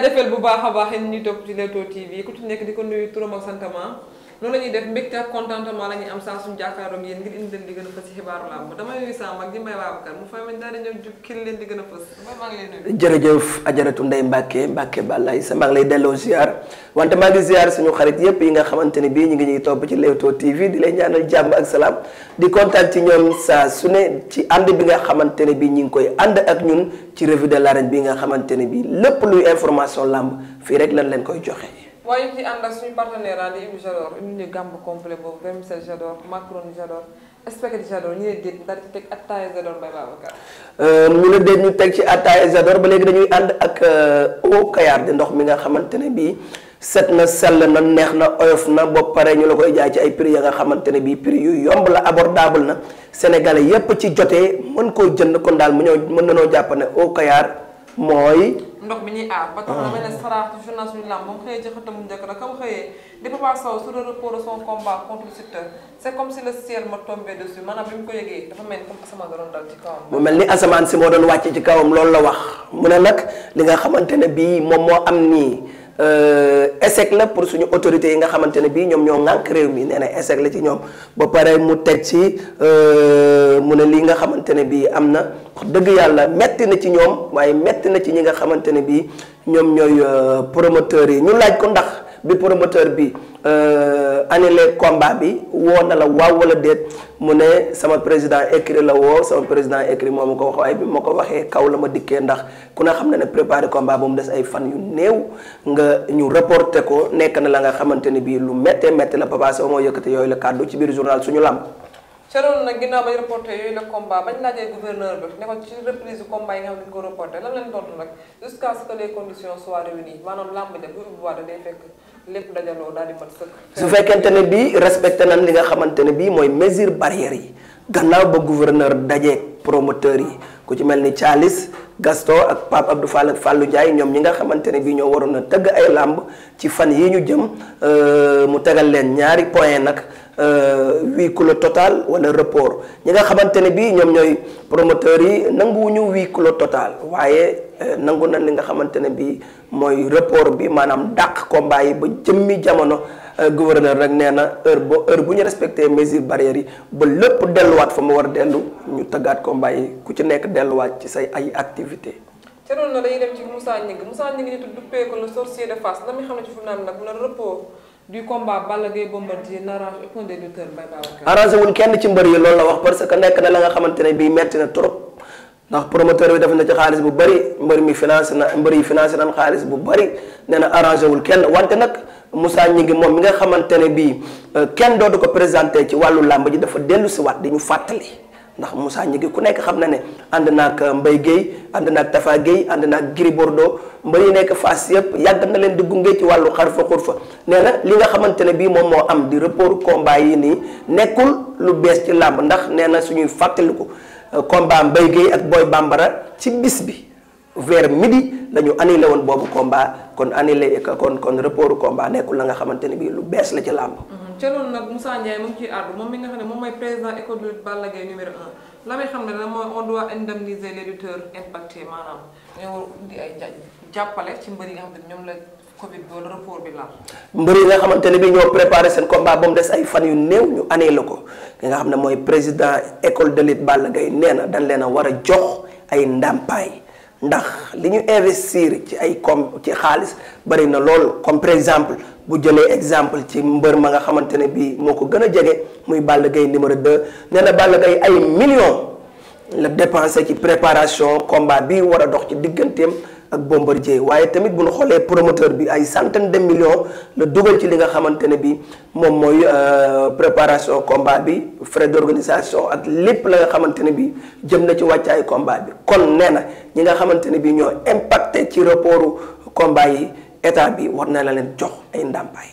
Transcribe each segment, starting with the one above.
jaajëfal bu baax a baax yéen ñuy topp ci Leewtoo TV ku ci nekk di ko nuyu turam ak santam loolu la ñuy def mbégte ak contentement la ñuy am saa suñu jàkkaaroom yéen ngir indi leen di gën a fës ci xibaaru làmb dama nuyu sama mag ji Mbaye Babacar mu fay ma daal di ñëw jub kii leen di gën a fës Mbaye maa ngi lay nuyu. jërëjëf ajaratu Ndeye sa maa lay delloo ziar wante maa suñu xarit yépp yi nga xamante ni bii ñu ngi ñuy topp ci Leewtoo TV di lay ñaanal jàmm ak salaam di kontaan ci ñoom saa su ne ci ànd bi nga xamante ne bii ñu ngi koy ànd ak ñun ci revue de l'arène bi nga xamante ne bii lépp luy information làmb fii rek lañ leen koy joxe waaye ñu ci ànd ak suñu partenaire ah di Ibou Jador indi ñu gàmb complet boobu vermicelle Jador macaroni Jador spaghetti Jador ñu ne déet ñu teg attaaya Jador Mbaye Babacar. Euh, mu ne déet ñu teg ci attaaya Jador ba léegi dañuy ànd ak eau Kayar di ndox mi nga xamante ne bii. set na sell na neex na oyof na ba pare ñu la koy jaay ci ay prix ya nga xamante ne bii prix yu yomb la abordable na sénégalais yépp ci jotee mën koo jënd kon daal mu ñëw mën nanoo jàpp ne au Kayar mooy. ndox mi ñuy aar ba tax na mel ah. ne saraax ci journal suñu lamb ba mu xëyee ci xëtam mu njëkk la ka mu xëyee di Papa Sow sur le report de son combat contre le secteur c'est comme si le ciel ma tombé dessus maanaam bi mu ko yëgee dafa mel ni comme asamaan doon dal ci kawam mu mel ni asamaan si moo doon wàcc ci kawam loolu la wax mu ne nag li nga xamante ne bii moom moo am nii Euh, échec la pour suñu autorités yi nga xamante ne bii ñoom ñoo ŋànk réew mi nee na la ci ñoom ba pare mu teg ci euh, mu ne lii nga xamante ne bii am na wax dëgg yàlla metti na ci ñoom waaye metti na ci ñi nga xamante ne bii ñoom ñooy euh, promoteurs yi ñu laaj ko ndax. bi promoteur bi euh, annulé combat bi woo na la waaw wala déet mu ne sama président écrit la woo sama président écrit moom ko wax waaye bi ma ko waxee kaw la ma dikkee ndax ku ne xam ne ne préparé combat ba mu des ay fan yu néew nga ñu reporté ko nekk na la nga xamante ni bii lu mettee métti la Papa Sow moo yëkkati yooyu la kàddu ci biir journal suñu làmb Chalon nag ginnaaw ba ñu reporté yooyu la combat bañ laajee gouverneur bi ne ci reprise combat lépp dajaloo daal di mën sëkk. su fekkente ne bii respecté nañ li nga xamante ne bii mooy mesure barrière yi gannaaw ba gouverneur dajee promoteur yi ku ci mel ni Thialis Gaston ak Pape Abdou Fall ak Fallou Ndiaye ñoom ñi nga xamante ne bii ñoo waroon a tëgg ay làmb ci fan yi ñu jëm euh, mu tegal leen ñaari point nag. Euh, huis clos total wala report ñi nga xamante ne bii ñoom ñooy promoteurs yi nanguwuñu huis clos total waaye euh, nangu na li nga xamante ne bii mooy report bi maanaam dàq combat yi ba jëmmi jamono euh, gouverneur rek nee na heure boo heure bu ñu respecté mesures barrières yi ba lépp delluwaat fa mu war a dellu ñu tëggaat combat yi ku ci nekk delluwaat ci say ay activités. ca loolu nag dañuy dem ci Moussa Gningue Moussa Gningue ñu tudd duppee ko le de Fass la muy xam ne ci fu du combat Balla Gaye Bombardier n'arrange aucun des lutteurs arrangé wuñ kenn ci mbër yi loolu la wax parce que nekk na la nga xamante ne bii metti na trop ndax promoteur bi def na ci xaalis bu bëri mbër mi financé na mbër yi financé nañ xaalis bu bëri nee na arrangé wul kenn wante nag musaa ñi ngi moom mi nga xamante ne bii euh, kenn doo du ko présenté ci wàllu làmb ji dafa dellu si waat di ñu fàttali. ndax Moussa Gningue ku nekk xam na ne ànd naag mbay Guèye ànd naag Tafa géey ànd naag Gris Bordeaux mbër yi nekk Fass yëpp yàgg na leen di gunge ci wàllu xar fa xur fa nee na li nga xamante ne bii moom moo am di report combat yi nii nekkul lu bees ci làmb ndax nee na suñuy fàttaliku euh, combat Mbaye géey ak booy Bambara ci bis bi ver midi la ñu annulé woon boobu combat kon annulé kon kon report combat nekkul la nga xamante ne bii lu bees la ci làmb ca loolu nag Moussa Ndiaye moom ciy àddu moom nga xam ne moom mooy président école de lutte Balla Gaye numéro un la may xam ne nag mooy on doit indemniser les lutteurs impactés maanaam ñoo war jàppale ci mbër yi nga xam ne ñoom la Covid bi bi la mbër yi nga xamante ne bi ñoo préparé seen combat ba mu des ay fan yu néew ñu annulé la ko ki nga xam ne mooy président école de lutte Balla Gaye nee na dañ leen a war a jox ay ndàmpaay ndax li ñu investir ci ay comme ci xaalis bari na lool comme par exemple. bu jëlee exemple ci mbër ma nga xamante ne bii moo ko gën a jege muy Balla Gaye numéro 2 nee na Balla ay millions la dépensé ci préparation combat bi war a dox ci digganteem ak Bombardier waaye tamit bu nu xoolee promoteur bi ay centaine de millions la dugal ci li nga xamante ne bi moom mooy euh, préparation combat bi frais d'organisation ak lépp la nga xamante ne bi jëm na ci wàccaay combat bi kon nee na ñi nga xamante ne bi ñoo impacté ci rapportu combat yi état bi war na la leen jox ay ndàmpaay.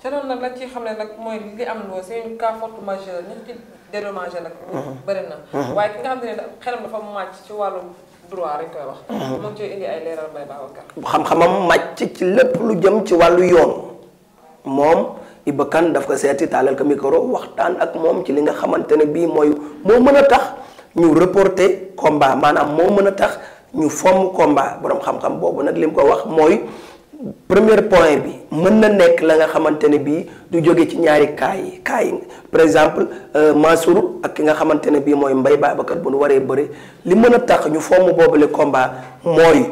te loolu nag lañ ci xam ne nag mooy li am loo c'est une cas force majeure ñu ci dédommagé nag. Mhm. bëri mhm. waaye ki nga xam ne xelam dafa màcc ci wàllu droit rek koy wax. moom ci indi ay lu jëm ci wàllu yoon moom Iba daf ko seeti taalal ko micro waxtaan ak moom ci li nga xamante ne bii mooy moo mën a tax ñu reporter combat maanaam moo mën a tax ñu fomm combat borom xam-xam boobu nag lim ko wax mooy. première point bi mën na nekk la nga xamante ne bii du jóge ci ñaari kaay yi cas yi par exemple euh, Mansour ak ki nga xamante ne bii mooy mbay Babacar bu nu waree bëri li mën a tax ñu fomm boobule combat mooy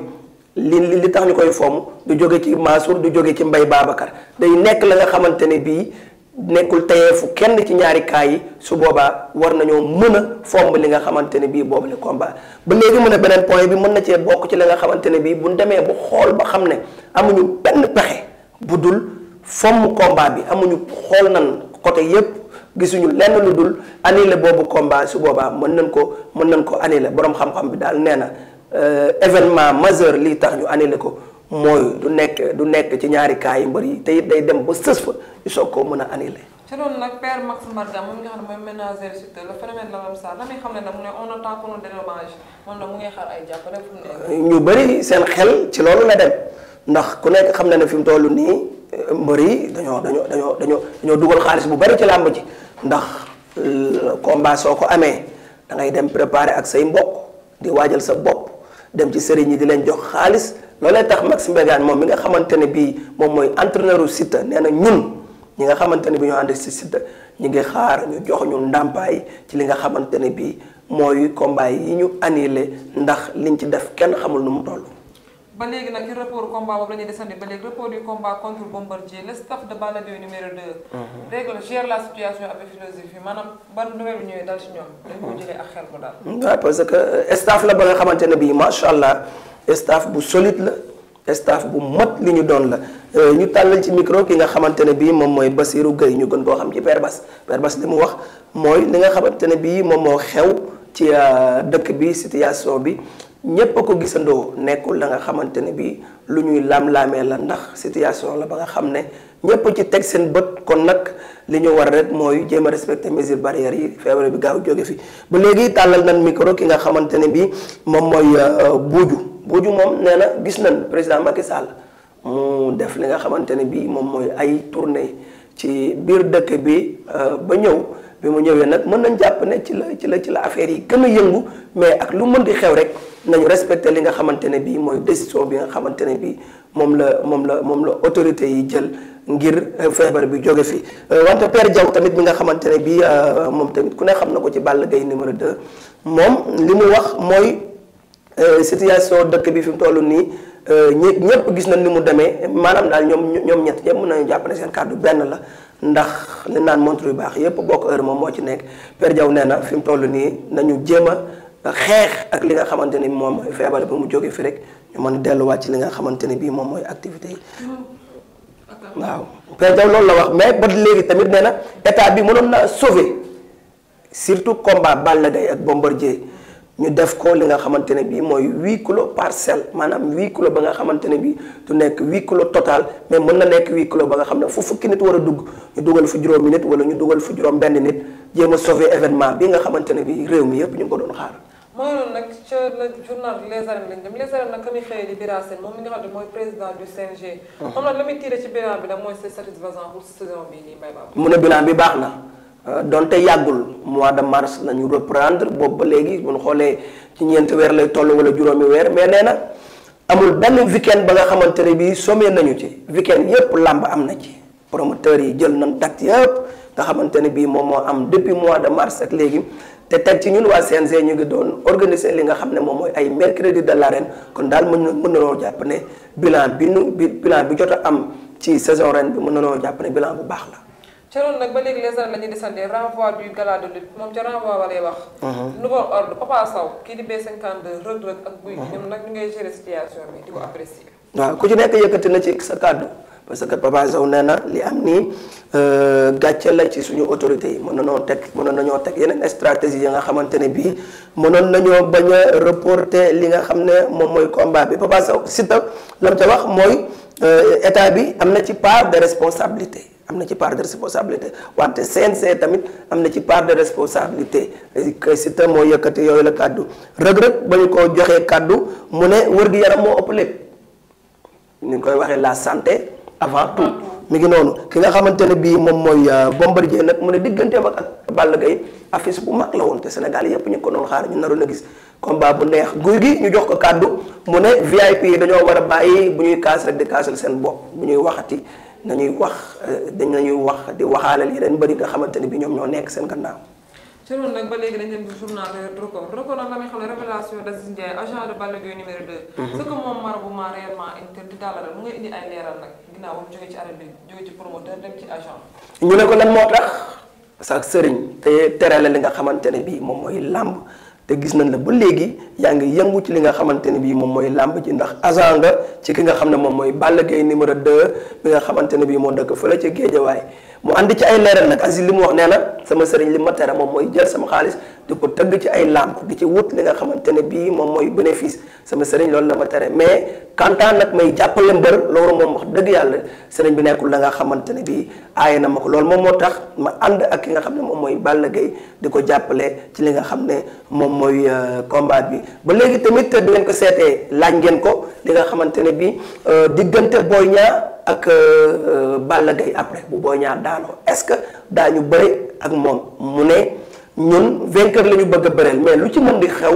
li li tax ñu koy fomm du jóge ci Mansour du jóge ci mbay Babacar day nekk la nga xamante ne bii nekkul fu kenn ci ñaari kaay yi su boobaa war nañoo mën a fomb li nga xamante ne bii boobu la combat ba léegi mën a beneen point bi mën na cee bokk ci li nga xamante ne bii bu demee bu xool ba xam ne amuñu benn pexe bu dul fomm combat bi amuñu xool nan côté yépp gisuñu lenn lu dul annulé boobu combat su boobaa mën nañ ko mën nañ ko annulé boroom xam-xam bi daal nee na euh, événement majeur lii tax ñu annulé ko mooy du nekk du nekk ci ñaari cas mbër yi te it day dem ba sës fa ñu soog ko mën a annulé. ci loolu nag père Max Mbargane moom nga xam mu ne ay jàppale ñu bëri seen xel ci loolu la dem ndax ku nekk xam na ne fi mu toll nii euh, mbër yi dañoo dañoo dañoo dañoo dañoo dugal xaalis bu bari ci làmb ji ndax euh, combat soo ko amee da dem préparer ak say mbokk di waajal sa bopp dem ci sëriñ yi di leen jox xaalis. loolee tax Max Mbergane moom mi nga xamante ne bii moom mooy entraîneur u Siteu nee na ñun ñi nga xamante ne bi ñoo ànd si Siteu ñu ngi xaar ñu jox ñu ndàmpaay ci li nga xamante ne bii mooy combat yi ñu annulé ndax liñ ci def kenn xamul nu mu toll. ba léegi nag ci report combat boobu la staff de Balla Gaye numéro 2. Mhm. règle gère la situation avec philosophie maanaam ban nouvelle bi dal ci ñoom. dañ ko jëlee ak xel bu daal. waaw parce que euh, staff la ba nga xamante ne bii macha allah. staff bu solide la staff bu mot li ñu doon la euh, ñu tàllal ci micro ki nga xamante ne bii moom mooy Basirou Gueye ñu gën koo xam ci Père Bass Père Bass li mu wax mooy li nga xamante ne bii moom moo xew ci euh, dëkk bi situation bi ñépp ko gisandoo nekkul la nga xamante ne bii lu ñuy laam-laamee la ndax situation la ba nga xam ne ñépp ci teg seen bët kon nag li ñu war rek mooy jéem a respecter mesures barrières yi feebar bi gaaw jóge fi ba léegi tàllal nañ micro ki nga xamante ne bii moom mooy euh, buuju Buuju moom nee na gis na président Macky Sall mu def li nga xamante ne bii moom mooy ay tournée ci biir dëkk bi euh, ba ñëw bi mu ñëwee nag mën nañ jàpp ne ci la ci la ci la affaire yi gën a yëngu mais ak lu mën di xew rek nañu respecté li nga xamante ne bii mooy décision bi nga xamante ne bii moom la moom la moom la autorité yi jël ngir euh, feebar bi jóge fi euh, wante Père Diaw tamit bi nga xamante ne bii moom tamit ku ne xam na ko ci Balla Gaye numéro de moom li mu wax mooy. Euh, situation dëkk bi fi mu toll nii ñi euh, ñëpp gis nañ ni mu demee maanaam daal ñoom ñoom ñett ñëpp mën nañu jàpp seen kàddu benn la ndax li naan montre yu baax yëpp bokk heure moom moo ci nekk Père Diaw nee na fi mu toll nii nañu jéem a xeex ak li nga xamante ni moom mooy feebar bi mu jógee fi rek ñu mën delluwaat ci li nga xamante ni bii moom mooy activité yi. waaw Père loolu la wax mais ba léegi tamit nee na état bi mënoon na sauver surtout combat Balla Gaye ak Bombardier ñu def ko li nga xamante ne bii mooy huit kilos parcelle maanaam huit kilo ba nga xamante ne bii du nekk huit kilo total mais mën na nekk huit kilo ba nga xam ne fu fukki nit war dugg ñu dugal fu juróomi nit wala ñu dugal fu juróom benn nit jéem a sauver événement bi nga xamante ne bii réew mi yëpp ñu ngi ko doon xaar. mooy loolu nag ca journal les lañ dem les nag ka muy xëyee di Bira moom mi nga xam ne mooy président du CNG. moom nag bi nag mooy c'est satisfaisant pour saison bii nii mbay ba mu ne bilan bi baax na. Euh, te yàggul mois de mars nañu reprendre boobu ba léegi bu xoolee ci ñeenti weer lay toll wala juróomi weer mais nee na amul benn weekend ba nga xamante ne bii sommé nañu ci weekend yépp làmb am na ci promoteurs yi jël nañ date yépp nga xamante ne bii moom moo am depuis mois de mars ak léegi te teg ci ñun waa CNG ñu ngi doon organiser li nga xam ne moom mooy ay mercredi de l'arène kon daal mën na mën nanoo jàpp ne bilan bi nu bilan bi jot a am ci saison ren mën nanoo jàpp ne bilan bu baax la. ca loolu nag ba léegi les arènes la ñuy descendre renvoi du gala de lutte moom ca renvoi ba lay wax. Uh-huh. nouveau ordre Papa Sow kii di B52 Reug Reug ak Gouye Gui uh-huh. ñoom nag ñu ngay gérer situation bi di ko apprécier. waaw ku ci nekk yëkkati na ci sa kàddu parce que Papa Sow nee na li am nii euh, gàcce la ci suñu autorités yi mënoon nañoo teg mënoon nañoo teg yeneen stratégie yi nga xamante ne bii mënoon nañoo bañ a reporter li nga xam ne moom mooy combat bi Papa Sow si tam la ca wax mooy euh, état bi am na ci part de responsabilité. am na ci part de responsabilité wante CNC tamit am na ci part de responsabilité kay te moo yëkkati yooyu la kàddu rëg-rëg ba ñu ko joxee kàddu mu ne wër-gi-yaram moo ëpp lépp ni ñu koy waxee la santé avant tout mi ngi noonu ki nga xamante ne bii moom mooy euh, Bombardier nag mu ne digganteem ak ak Balla Gaye affiche bu mag la woon te Sénégal yëpp ñu ngi ko doon xaar ñu naroon a gis comme combat bu neex guy gi ñu jox ko kàddu mu ne VIP yi dañoo war a bàyyi bu ñuy kaas rek di kaasal seen bopp bu ñuy waxati nañuy wax euh, dañ nañuy wax di waxaalal yeneen bëri nga xamante ne bi ñoom ñoo nekk seen gannaaw. ci loolu nag ba léegi dañu dem ci journal record record nag la may xam ne révélation d'Aziz Ndiaye agent de Balla Gaye numéro 2. Mhm. ce que la mu ngay indi ay leeral nag ginnaaw ba mu ne ko lan moo tax. sax sëriñ te tere la li nga xamante ne bii moom mooy làmb. te gis nañ la ba léegi yaa ngi yëngu ci li nga xamante ne bii moom mooy làmb ji ndax agent nga ci ki nga xam ne moom mooy Balla Gaye numéro 2 bi nga xamante ne bii moo dëkk la ci Géejawaay mu ànd ci ay leeral nag asi li mu wax nee na sama sëriñ li ma tere moom mooy jël sama xaalis di ko tëgg ci ay làmp di ci wut li nga xamante ne bii moom mooy bénéfice sama sëriñ loolu la ma tere mais kantaan nag may jàppale mbër loolu moom dëgg yàlla sëriñ bi nekkul la nga xamante ne bii aaye na ko loolu moom moo tax ma ànd ak ki nga xam ne moom mooy Balla Gaye di ko jàppale ci li nga xam ne moom mooy euh, combat bi ba léegi tamit bi ngeen ko seetee laaj ngeen ko li nga xamante ne bii euh, diggante Boy Niang ak euh, euh, Balla Gaye après bu Boy Niang daanoo est-ce que daañu bëri ak moom mu ne ñun vainqueur la ñu bëgg a bëreel mais lu ci mën di xew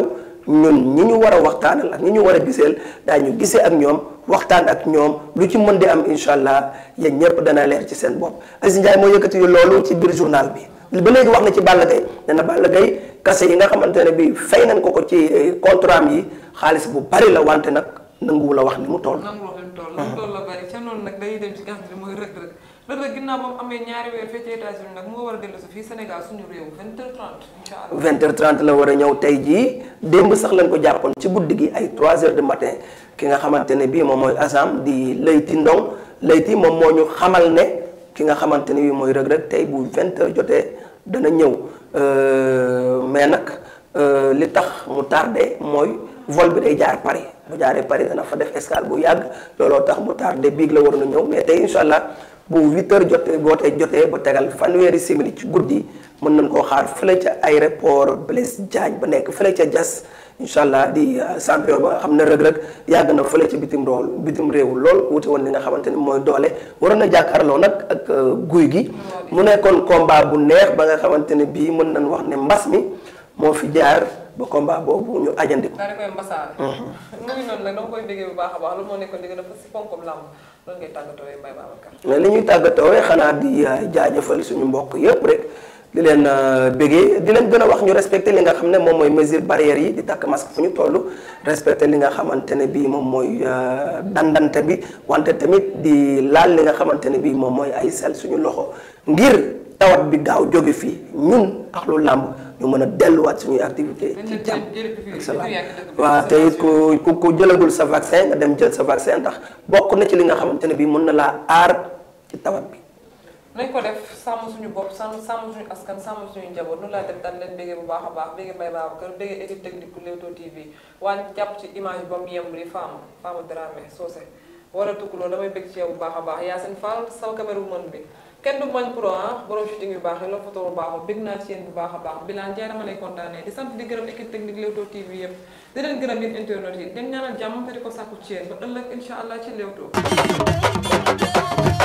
ñun ñi ñu war a waxtaanal ak ñi ñu war a giseel daañu gisee ak ñoom waxtaan ak ñoom lu ci mën di am incha allah yéen ñëpp dana leer ci seen bopp Aziz Ndiaye moo yëkkati loolu ci biir journal bi. ba léegi wax na ci Balla Gaye dana na Balla Gaye kase yi nga xamante ne bii fay nañ ko ko ci euh, contrat yi xaalis bu bari la wante nag nanguwu la wax ni mu toll. toll. lam noonu nag day dem ci nga xam ne mooy Reug Reug Reug Reug ginnaaw moom amee ñaari weer fii ci États-Unis nag moo war a dellu fii Sénégal suñu réew 20h30 incha allah. 20 h war a ñëw tey jii démb sax lañ ko jàppoon ci guddi gi ay 3h du matin ki nga xamante ne bii moom mooy Assane di Leyti Ndong Leyti moom moo ñu xamal ne ki nga xamante ne bii mooy Reug Reug tey bu 20h jotee dana ñëw euh, mais nag euh, li tax mu tarde mooy vol bi day jaar Paris. bu jaaree Paris dana fa def escale bu yàgg looloo tax mu tardé biig la war na ñëw mais tey incha allah bu 8h jotee bootee jotee ba tegal fanweeri simili ci guddi mën nañ koo xaar fële ca aéroport Blaise Diagne ba nekk fële ca Diass incha allah di euh, champion ba nga xam ne rëg-rëg yàgg na fële ci bitim rool bitim réew lool wuti woon li nga xamante ni mooy doole waroon na jàkkaarloo nag ak euh, guy gi mu nekkoon komba bu neex ba nga xamante ne bii mën nañ wax ne mbas mi moo fi jaar ba combat boobu ñu ajandi ko. daanaka koy mbasaare. mu ngi a baax lu moo nekkoon mais li ñuy tàggatoo xanaa di euh, jaajëfal suñu mbokk yëpp rek di leen euh, bëggee di leen gën a wax ñu respecté li nga xam ne moom mooy mesure barrière yi di takk masque fu ñu toll respecté li nga xamante ne bii moom mooy euh, dandante bi wante tamit di laal li nga xamante ne bii moom mooy ay sel suñu loxo ngir tawat bi gaaw jóge fii ñun ak lu làmb. ñu mën a delluwaat suñuy activité ci jàmm ak salaam waaw te it ku ku ku jëlagul sa vaccin nga dem jël sa vaccin ndax bokk na ci li nga xamante ne bi mën na laa aar ci tawat bi. nañ ko def sàmm suñu bopp sàmm sàmm suñu askan sàmm suñu njaboot noonu laa def daal leen béggee bu baax a baax béggee Mbaye Babacar béggee équipe technique bu Leewtoo TV waaye jàpp ci image ba mu yem li Fama Fama Dramé Socé war a damay bégg ci yow bu baax a baax Yacine Fall sama caméra bu mën bi kenn du mañ pro ah borom shooting yu baax yi loolu photo bu baax bég naa ci bu baax a baax bilan jaay dama lay kontaanee di sant di gërëm équipe technique Leewtoo TV yëpp di leen gërëm yéen internet yi den ñaanal jàmm te ko sàkku ci yéen ba ëllëg allah ci Leewtoo